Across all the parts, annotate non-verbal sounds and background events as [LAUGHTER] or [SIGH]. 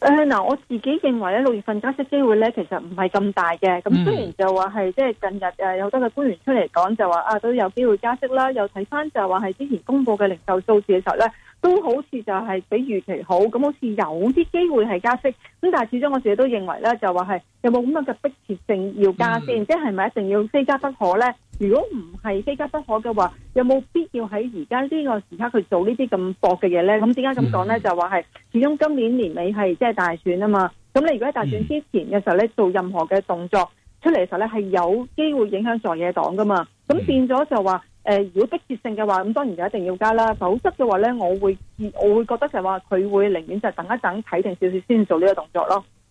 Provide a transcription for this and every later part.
誒，嗱、呃，我自己認為咧，六月份加息機會咧，其實唔係咁大嘅。咁、嗯、雖然就話係，即係近日誒，有好多嘅官員出嚟講，就話啊，都有機會加息啦。又睇翻就話係之前公布嘅零售數字嘅時候咧。都好似就係比預期好，咁好似有啲機會係加息，咁但係始終我自己都認為咧，就話係有冇咁樣嘅迫切性要加息，嗯、即係咪一定要非加不可咧？如果唔係非加不可嘅話，有冇必要喺而家呢個時刻去做這這薄呢啲咁搏嘅嘢咧？咁點解咁講咧？嗯、就話係始終今年年尾係即係大選啊嘛，咁你如果喺大選之前嘅時候咧、嗯、做任何嘅動作出嚟嘅時候咧，係有機會影響在野黨噶嘛，咁變咗就話。誒、呃，如果迫切性嘅話，咁當然就一定要加啦。否則嘅話咧，我會我會覺得就係話佢會寧願就等一等，睇定少少先做呢個動作咯。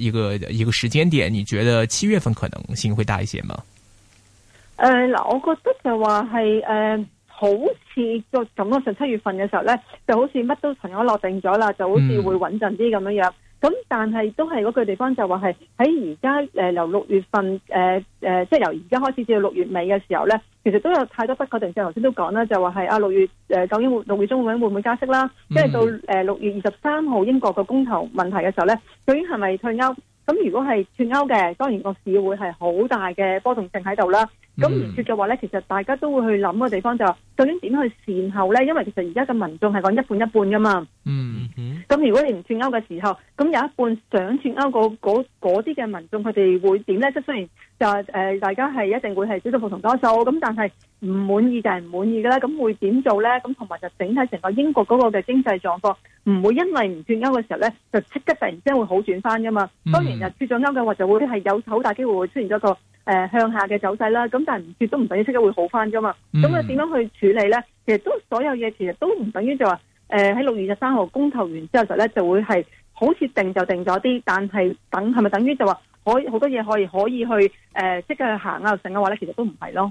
一個一個時間點，你覺得七月份可能性會大一些嗎？誒，嗱，我覺得就話係誒，好似個咁咯上七月份嘅時候咧，就好似乜都同樣落定咗啦，就好似會穩陣啲咁樣樣。咁但係都係嗰個地方就話係喺而家誒，由六月份誒誒、呃呃、即係由而家開始至到六月尾嘅時候咧，其實都有太多不確定性。頭先都講啦，就話係啊六月誒，究竟六月中會唔會加息啦？即係、嗯、到誒六月二十三號英國嘅公投問題嘅時候咧，究竟係咪退歐？咁如果係退歐嘅，當然個市會係好大嘅波動性喺度啦。咁唔脫嘅話咧，其實大家都會去諗個地方就係，究竟點去善後咧？因為其實而家嘅民眾係講一半一半噶嘛。嗯嗯。咁如果你唔脫歐嘅時候，咁有一半想脫歐個嗰嗰啲嘅民眾，佢哋會點咧？即雖然就係誒，大家係一定會係少數服從多數，咁但係唔滿意就係唔滿意噶啦。咁會點做咧？咁同埋就整體成個英國嗰個嘅經濟狀況，唔會因為唔脫歐嘅時候咧，就即刻突然之間會好轉翻噶嘛。當然，就脫咗歐嘅話，就會係有好大機會會出現咗個。誒、呃，向下嘅走勢啦，咁但係唔斷都唔等於即刻會好翻啫嘛，咁啊點樣去處理咧？其實都所有嘢其實都唔等於就話，誒喺六月十三號公投完之後就咧就會係好似定就定咗啲，但係等係咪等於就話可以好多嘢可以可以去誒即、呃、刻去行啊成嘅話咧，其實都唔係咯。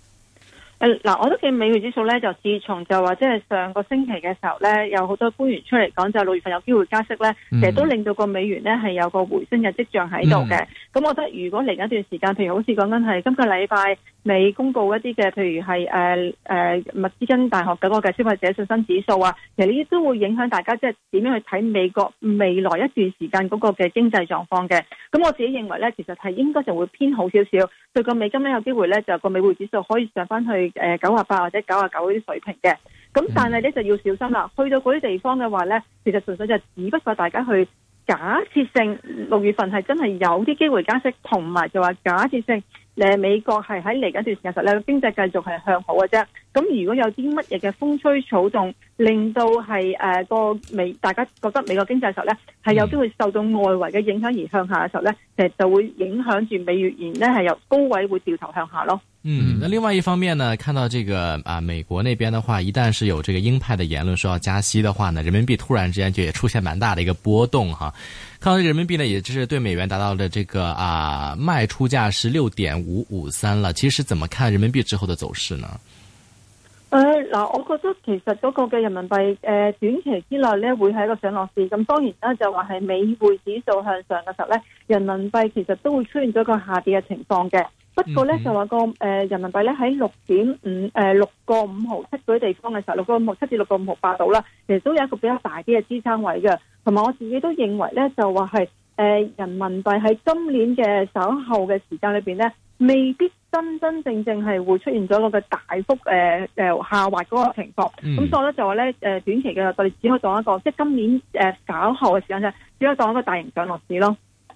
誒嗱、嗯，我都見美匯指數咧，就自從就話即係上個星期嘅時候咧，有好多官員出嚟講，就六月份有機會加息咧，其實都令到個美元咧係有個回升嘅跡象喺度嘅。咁我覺得如果嚟緊一段時間，譬如好似講緊係今個禮拜美公告一啲嘅，譬如係誒誒密斯根大學嗰個嘅消費者信心指數啊，其實呢啲都會影響大家即係點樣去睇美國未來一段時間嗰個嘅經濟狀況嘅。咁我自己認為咧，其實係應該就會偏好少少對個美金咧有機會咧就個美匯指數可以上翻去。誒，九十八或者九十九啲水平嘅，咁但係咧就要小心啦。去到嗰啲地方嘅話咧，其實純粹就只不過大家去假設性六月份係真係有啲機會加息，同埋就話假設性誒美國係喺嚟緊段時間時候咧，經濟繼續係向好嘅啫。咁如果有啲乜嘢嘅風吹草動，令到係誒、呃、個美大家覺得美國經濟嘅時候咧，係有機會受到外圍嘅影響而向下嘅時候咧，就就會影響住美元咧係由高位會掉頭向下咯。嗯，那另外一方面呢，看到這個啊，美國那邊的話，一旦是有這個鷹派的言論說要加息的話呢，人民幣突然之間就也出現蠻大的一個波動哈。看到人民幣呢，也就是對美元達到了這個啊賣出價是六點五五三了。其實怎麼看人民幣之後的走勢呢？呃，嗱，我覺得其實嗰個嘅人民幣呃短期之內呢會係一個上落市。咁當然呢，就話係美匯指數向上嘅時候呢，人民幣其實都會出現咗個下跌嘅情況嘅。不過咧就話個誒、呃、人民幣咧喺六點五誒六個五毫七嗰啲地方嘅時候，六個五毫七至六個五毫八度啦，其實都有一個比較大啲嘅支撐位嘅。同埋我自己都認為咧就話係誒人民幣喺今年嘅稍後嘅時間裏邊咧，未必真真正正係會出現咗嗰個大幅誒誒、呃、下滑嗰個情況。咁所以咧就話咧誒短期嘅我哋只可以當一個即係今年誒稍、呃、後嘅時間就只可以當一個大型上落市咯。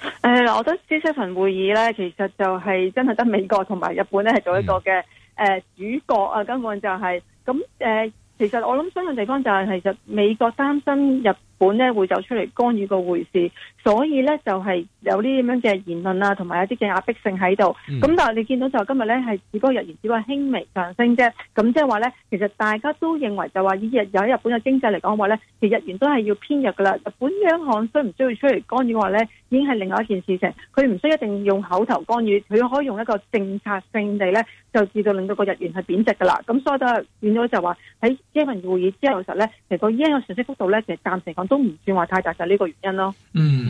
誒，uh, 我覺得呢份會議咧，其實就係真係得美國同埋日本咧係做一個嘅，誒、呃、主角啊，根本就係咁誒。其實我諗，相信地方就係、是，其實美國擔心日本咧會走出嚟干預個回事。所以咧就係有啲咁樣嘅言論啊，同埋有啲嘅壓迫性喺度。咁、嗯、但係你見到就今日咧係只不過日元只不過輕微上升啫。咁即係話咧，其實大家都認為就話以日有喺日本嘅經濟嚟講話咧，其實日元都係要偏弱噶啦。日本央行需唔需要出嚟干預話咧，已經係另外一件事情。佢唔需一定用口頭干預，佢可以用一個政策性地咧，就至到令到個日元係貶值噶啦。咁所以就係變咗就話喺央行會議之後嘅時候咧，其實個央行上息幅度咧，其實暫時講都唔算話太大，就係、是、呢個原因咯。嗯。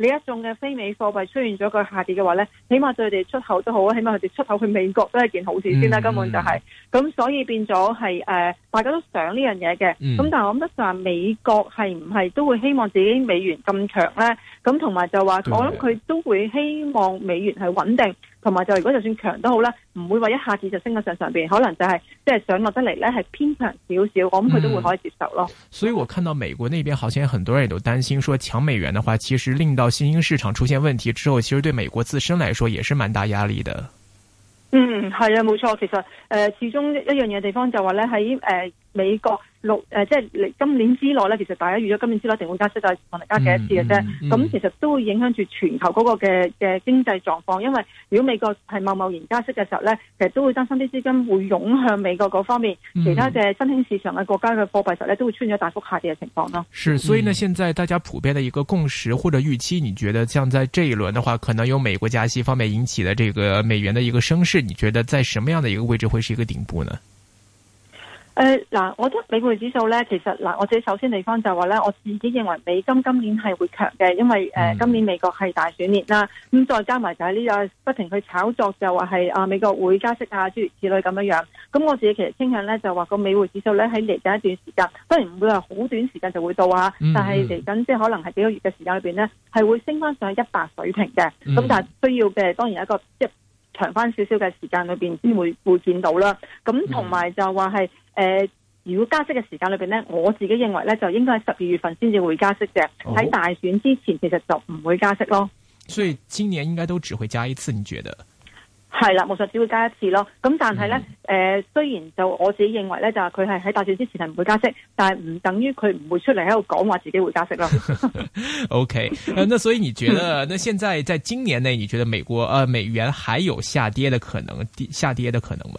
呢一種嘅非美貨幣出現咗個下跌嘅話咧，起碼對佢哋出口都好啊，起碼佢哋出口去美國都係件好事先啦、啊。嗯、根本就係、是、咁，所以變咗係誒，大家都想呢樣嘢嘅。咁、嗯、但係我諗得上，美國係唔係都會希望自己美元咁強咧？咁同埋就話對我諗佢都會希望美元係穩定，同埋就如果就算強都好啦，唔會話一下子就升到上上邊，可能就係、是、即係上落得嚟咧係偏強少少，嗯、我諗佢都會可以接受咯。所以我看到美國嗰邊，好像很多人都擔心，說強美元嘅話，其實令到。新興市場出現問題之後，其實對美國自身來說也是蠻大壓力的。嗯，係啊，冇錯。其實，誒、呃，始終一樣嘢地方就話咧喺誒。呃美國六誒，即係你今年之內咧，其實大家預咗今年之內一定會加息，但可能加幾多次嘅啫。咁、嗯嗯、其實都會影響住全球嗰個嘅嘅經濟狀況，因為如果美國係貿貿然加息嘅時候咧，其實都會擔心啲資金會湧向美國嗰方面，其他嘅新興市場嘅國家嘅貨幣實咧都會出現咗大幅下跌嘅情況咯。是，所以呢，現在大家普遍的一個共識或者預期，你覺得像在這一輪的話，可能由美國加息方面引起的這個美元的一個升勢，你覺得在什麼樣的一個位置會是一個頂部呢？誒嗱、呃，我覺得美匯指數咧，其實嗱、呃，我自己首先地方就話咧，我自己認為美金今年係會強嘅，因為誒、呃、今年美國係大選年啦，咁、嗯嗯嗯、再加埋就係呢、這個不停去炒作就是說是，就話係啊美國會加息啊諸如此類咁樣樣。咁、嗯、我自己其實傾向咧，就話個美匯指數咧喺嚟緊一段時間，雖然唔會話好短時間就會到啊，但係嚟緊即係可能係幾個月嘅時間裏邊咧，係會升翻上一百水平嘅。咁、嗯嗯、但係需要嘅，係當然一個即。長翻少少嘅時間裏邊先會會見到啦，咁同埋就話係誒，如果加息嘅時間裏邊咧，我自己認為咧就應該係十二月份先至會加息嘅，喺大選之前其實就唔會加息咯。所以今年應該都只會加一次，你覺得？係啦，冇錯，無只會加一次咯。咁但係咧，誒、嗯呃，雖然就我自己認為咧，就係佢係喺大選之前係唔會加息，但係唔等於佢唔會出嚟喺度講話自己會加息咯。OK，那所以你覺得， [LAUGHS] 那現在在今年內，你覺得美國誒、呃、美元還有下跌的可能？跌下跌的可能嗎？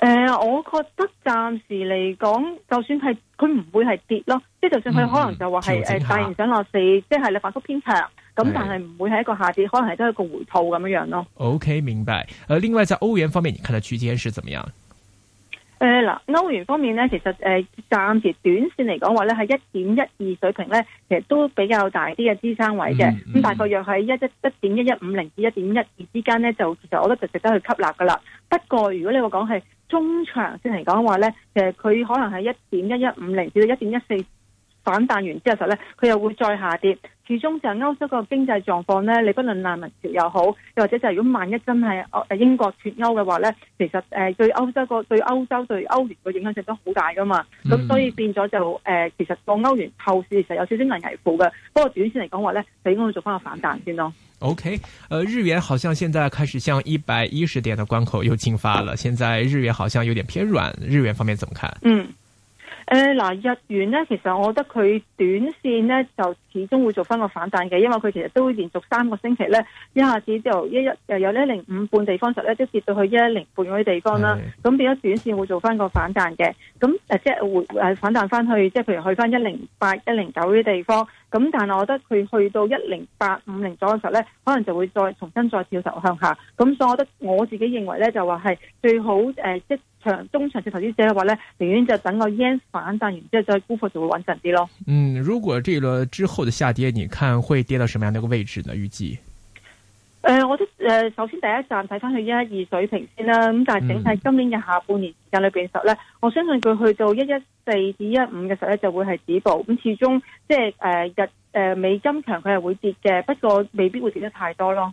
誒、呃，我覺得暫時嚟講，就算係佢唔會係跌咯，即係就算佢可能就話係誒，嗯、大型上落市，即係你反覆偏強。咁但係唔會係一個下跌，是可能係都係一個回吐咁樣樣咯。O、okay, K，明白。誒，另外在歐元方面，你睇嘅區間是怎麼樣？誒嗱、呃，歐元方面咧，其實誒暫、呃、時短線嚟講話咧喺一點一二水平咧，其實都比較大啲嘅支撐位嘅。咁、嗯嗯、大概約喺一一一點一一五零至一點一二之間咧，就其實我覺得就值得去吸納噶啦。不過如果你話講係中長線嚟講話咧，其實佢可能喺一點一一五零至到一點一四。反彈完之後咧，佢又會再下跌。始終就係歐洲個經濟狀況咧，你不論難民潮又好，又或者就係如果萬一真係英國脱歐嘅話咧，其實誒對歐洲個對,對歐洲對歐元嘅影響性都好大噶嘛。咁、嗯、所以變咗就誒、呃，其實個歐元後市其實有少少危危乎嘅。不過短線嚟講話咧，就應該做翻個反彈先咯。OK，誒、呃，日元好像現在開始向一百一十點嘅關口又進發啦。現在日元好像有點偏軟，日元方面怎麼看？嗯。誒嗱、呃，日元咧，其實我覺得佢短線咧就始終會做翻個反彈嘅。因為佢其實都會連續三個星期咧，一下子就一一又有一零五半地方就咧，都跌到去一零半嗰啲地方啦。咁的變咗短線會做翻個反彈嘅，咁即係會反彈翻去，即係譬如去翻一零八、一零九啲地方。咁但係我覺得佢去到一零八五零左嘅時候咧，可能就會再重新再跳頭向下。咁所以，我覺得我自己認為咧，就話係最好誒、呃、即。長中長線投資者咧話咧，寧願就等個 yen 反彈完之後再沽貨就會穩陣啲咯。嗯，如果這個之後嘅下跌，你看會跌到什麼樣的個位置呢？預計誒，我都誒、呃，首先第一站睇翻去一一二水平先啦。咁但係整體今年嘅下半年時間裏邊，時候咧、嗯、我相信佢去到一一四至一一五嘅時候咧，就會係止步。咁始終即係誒日誒、呃、美金強佢係會跌嘅，不過未必會跌得太多咯。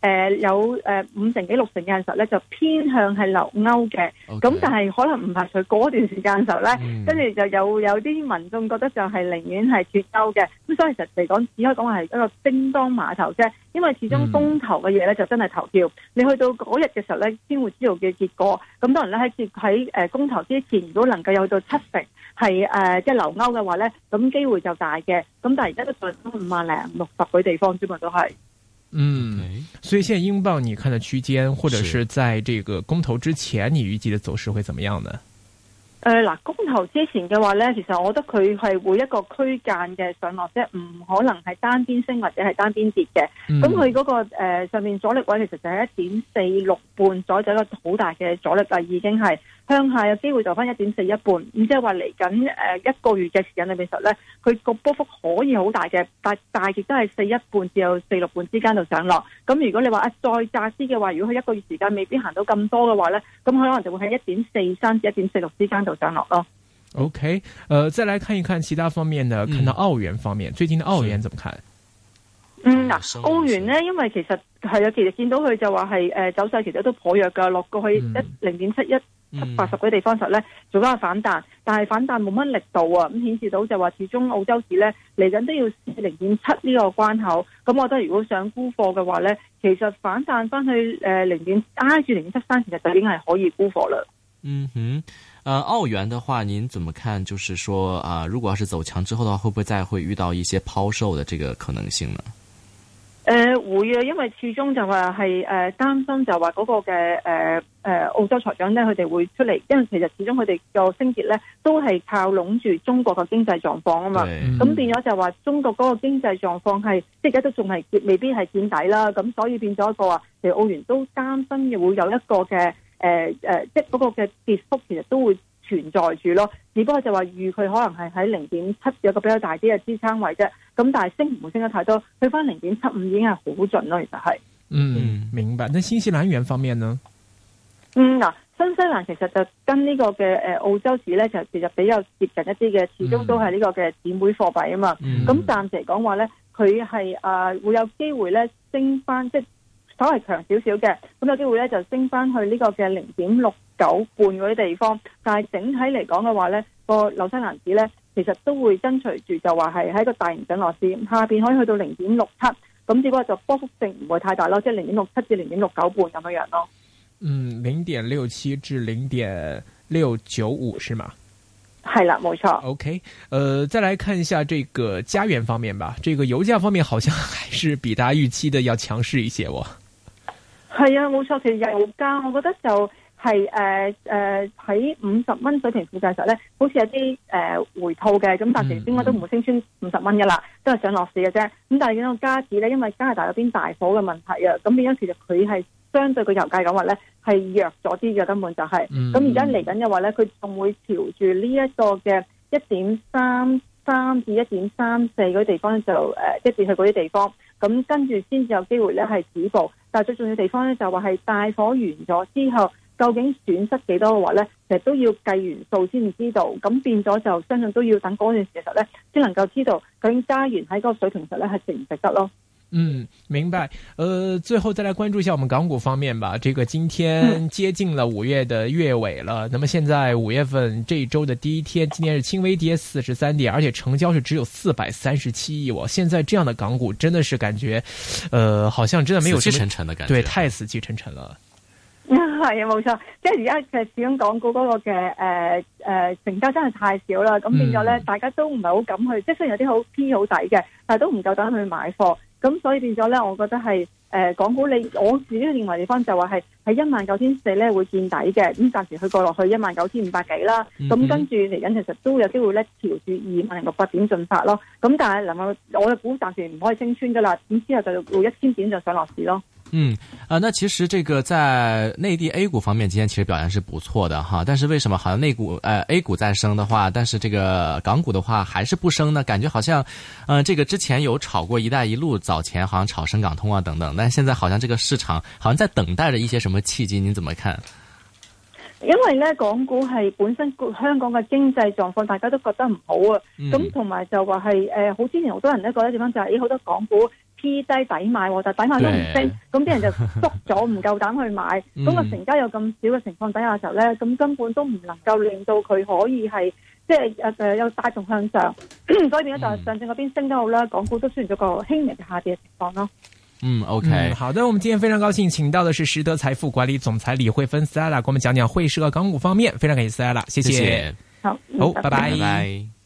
誒、呃，有誒五成幾六成嘅時候咧，就偏向係留歐嘅。咁 Okay. 但係可能唔排除嗰段時間嘅時候咧，跟住、mm. 就有有啲民眾覺得就係寧願係脫歐嘅。咁所以其實嚟講，只可以講係一個叮當馬頭啫。因為始終公投嘅嘢咧，就真係投票。Mm. 你去到嗰日嘅時候咧，先會知道嘅結果。咁當然咧，喺喺誒公投之前，如果能夠有到七成係誒即係留歐嘅話咧，咁機會就大嘅。咁但係而家都五萬零六十個地方啫嘛，都係。嗯，Okay. 所以現在英鎊你看的區間或者是在這個公投之前，你預計的走勢會怎麼樣呢？誒，嗱，公投之前嘅話咧，其實我覺得佢係會一個區間嘅上落，即係唔可能係單邊升或者係單邊跌嘅。咁佢嗰個誒、呃、上面阻力位其實就係一點四六半，左右一個好大嘅阻力啦，已經係。向下有機會就翻一點四一半，咁即係話嚟緊誒一個月嘅時間裏邊，實咧佢個波幅可以好大嘅，但係亦都係四一半至有四六半之間度上落。咁如果你話啊再揸啲嘅話，如果佢一個月時間未必行到咁多嘅話咧，咁佢可能就會喺一點四三至一點四六之間度上落咯。OK，誒、呃，再嚟看一看其他方面嘅，睇到澳元方面，嗯、最近嘅澳元怎麼看？嗯嗱，哦、澳元呢，因為其實係啊，其實見到佢就話係誒走勢，其實都頗弱噶，落過去一零點七一。七八十嘅地方實咧，做翻個反彈，但係反彈冇乜力度啊。咁顯示到就話，始終澳洲市咧嚟緊都要零點七呢個關口。咁我覺得如果想沽貨嘅話咧，其實反彈翻去誒零點挨住零點七三，其實就已經係可以沽貨啦。嗯哼，誒、呃，澳元嘅話，您怎麼看？就是說啊、呃，如果要是走強之後嘅話，會唔會再會遇到一些拋售嘅這個可能性呢？誒、呃、會啊，因為始終就話係誒擔心就，就話嗰個嘅誒澳洲財長咧，佢哋會出嚟，因為其實始終佢哋個升跌咧都係靠攏住中國嘅經濟狀況啊嘛，咁、嗯、變咗就話中國嗰個經濟狀況係即係而家都仲係未必係見底啦，咁所以變咗一個話，其實澳元都擔心會有一個嘅誒、呃、即係嗰個嘅跌幅其實都會存在住咯，只不過就話預佢可能係喺零點七有個比較大啲嘅支撐位啫。咁但係升唔會升得太多，去翻零點七五已經係好盡咯。其實係，嗯，明白。那新西蘭元方面呢？嗯，嗱，新西蘭其實就跟呢個嘅誒澳洲市咧，就其實比較接近一啲嘅，始終都係呢個嘅姊妹貨幣啊嘛。咁暫時嚟講話咧，佢係啊會有機會咧升翻，即係稍為強少少嘅，咁有機會咧就升翻去呢個嘅零點六。九半嗰啲地方，但係整體嚟講嘅話呢，那個紐西蘭紙呢其實都會跟隨住就話係喺個大型上落市，下邊可以去到零點六七，咁只不過，就波幅性唔會太大咯，即係零點六七至零點六九半咁樣樣咯。嗯，零點六七至零點六九五是嘛？係啦，冇錯。OK，誒、呃，再嚟看一下這個加元方面吧。這個油價方面好像還是比大家預期的要強勢一些喎。係啊，冇錯，其實油價我覺得就。係誒誒喺五十蚊水平附近嘅時候咧，好似有啲誒、呃、回吐嘅，咁但係仍然應該都唔會升穿五十蚊噶啦，都係上落市嘅啫。咁但係見到加紙咧，因為加拿大嗰邊大火嘅問題啊，咁變咗其實佢係相對個油價咁話咧係弱咗啲嘅根本就係、是。咁而家嚟緊嘅話咧，佢仲會朝住呢一個嘅一點三三至一點三四嗰啲地方就誒，即去嗰啲地方。咁跟住先至有機會咧係止步。但係最重要地方咧就話係大火完咗之後。究竟損失幾多嘅話呢？其實都要計完數先知道。咁變咗就相信都要等嗰陣時嘅時候呢，先能夠知道究竟加完喺嗰個水平上呢係值唔值得咯。嗯，明白。呃，最後再來關注一下我們港股方面吧。這個今天接近了五月的月尾了，嗯、那麼現在五月份這一週的第一天，今天是輕微跌四十三點，而且成交是只有四百三十七億。哇！現在這樣的港股真的是感覺，呃，好像真的沒有死氣沉沉的感覺，對，太死氣沉沉了。係啊，冇錯， [LAUGHS] 即係而家嘅始終港股嗰個嘅誒誒成交真係太少啦，咁變咗咧，hmm. 大家都唔係好敢去，即係雖然有啲好平好抵嘅，但係都唔夠膽去買貨，咁所以變咗咧，我覺得係誒、呃、港股你，我自己認為地方就話係喺一萬九千四咧會見底嘅，咁暫時去過落去一萬九千五百幾啦，咁、mm hmm. 跟住嚟緊其實都有機會咧調住二萬零六百點進發咯，咁但係嗱我我嘅估暫時唔可以升穿噶啦，咁之後就錄一千點就上落市咯。嗯，呃那其實這個在內地 A 股方面，今天其實表現是不錯的哈。但是為什麼好像內股呃 A 股在升的話，但是這個港股的話還是不升呢？感覺好像，呃，這個之前有炒過“一帶一路”，早前好像炒深港通啊等等。但現在好像這個市場好像在等待着一些什麼契機，你怎麼看？因為呢，港股係本身香港嘅經濟狀況大家都覺得唔好啊，咁同埋就話係誒，好之前好多人呢，覺得點樣就係咦，好多港股。P 低抵買，但底抵買都唔升，咁啲對人就縮咗，唔夠膽去買。咁、那個成交有咁少嘅情況底下嘅時候咧，咁、嗯、根本都唔能夠令到佢可以係即係誒誒有帶動向上。 [COUGHS] 所以變咗就係上證嗰邊升得好啦，嗯、港股都出現咗個輕微下跌嘅情況咯。嗯，OK，嗯好的，我們今天非常高興請到嘅是實德財富管理總裁李慧芬 Stella，給我們講講匯市和港股方面。非常感謝 Stella，謝謝。謝謝好，好，拜拜。拜拜拜拜